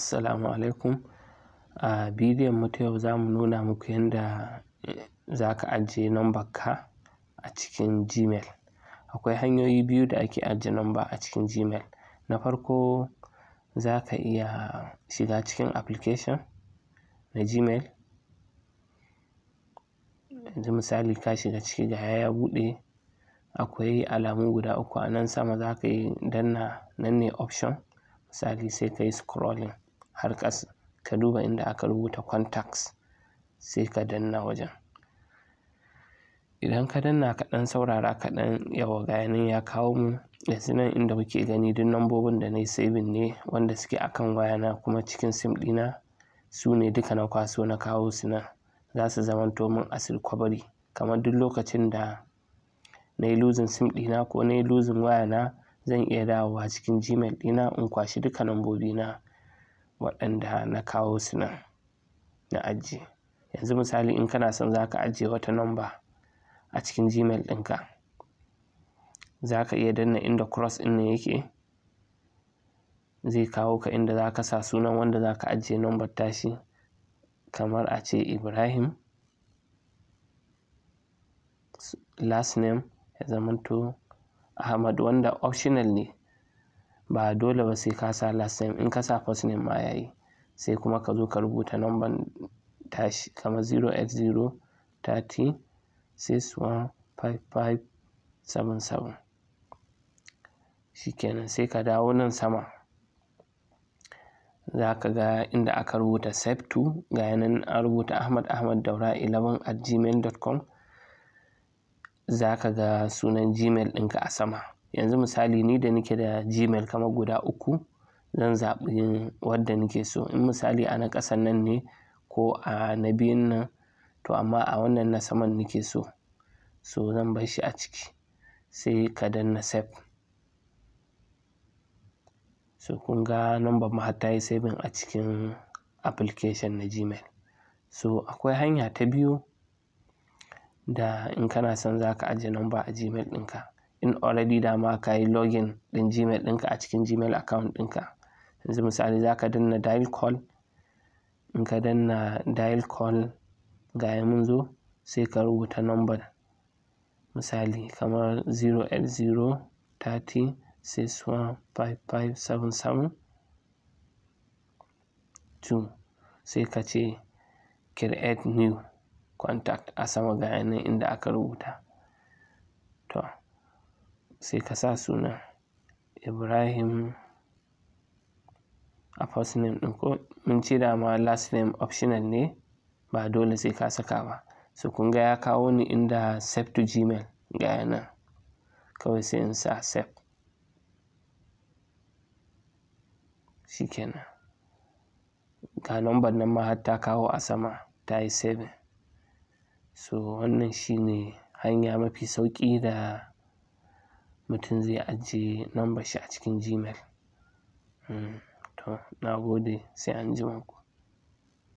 Assalamu alaikum a bidiyon mu ta yau za mu nuna muku yadda eh, za ka ajiye number ka a cikin Gmail akwai hanyoyi biyu da ake ajiye number a cikin Gmail na farko za ka iya shiga cikin application na Gmail yanzu misali ka shiga ciki ga ya buɗe akwai alamu guda uku a nan sama za ka yi danna nan ne option misali sai ka yi scrolling har ƙasa ka duba inda aka rubuta contacts sai ka danna wajen idan ka danna ka ɗan saurara ka ɗan yawa gayanin ya kawo mu yanzu nan inda kuke gani duk nambobin da na yi saving ne wanda suke akan wayana kuma cikin sim ɗina su ne duka na kwaso na kawo su nan za su zamanto min as recovery kamar duk lokacin da na yi losing sim ɗina ko na yi losing wayana zan iya dawowa cikin gmail ɗina in kwashi duka na. waɗanda na kawo su nan na ajiye yanzu misali in kana son za ka ajiye wata namba a cikin gmail ɗinka za ka iya danna inda cross in ne yake zai kawo ka inda za ka sa sunan wanda za ka ajiye nombar tashi kamar a ce ibrahim last name ya zamanto ahmad wanda optional ne ba dole ba sai ka sa last name in ka sa first name ma yayi sai kuma ka zo ka rubuta number tashi kamar 0x0 shikenan sai ka dawo nan sama za ka ga inda aka rubuta save to ga yanan an rubuta ahmad ahmad daura 11 at gmail.com za ka ga sunan gmail ɗinka a sama yanzu misali ni da nake da gmail kamar guda uku zan zaɓi wadda nake so in misali a na ƙasan nan ne ko a na biyun nan to amma a wannan na saman nake so so zan bar shi a ciki sai ka danna save so kun ga number ma ta yi saving a cikin application na gmail so akwai hanya ta biyu da in kana son za ka ajiye number a gmail ɗinka in already dama ka yi login ɗin gmail ɗinka a cikin gmail account ɗinka yanzu misali za ka danna dial call in ka danna dial call ga ya mun zo sai ka rubuta number misali kamar 080 30 61 sai ka ce create new contact a sama ga inda aka rubuta sai ka sa suna Ibrahim a first name ɗin ko mun ce da ma last name optional ne ba dole sai ka saka ba su kun ga ya kawo ni inda save to gmail ga yana kawai sai in sa shi kenan ga number nan ma har ta kawo a sama ta yi 7 so wannan shine hanya mafi sauƙi da mutum zai ajiye lambar shi a cikin Gmail. Hmm, to, na gode sai anjima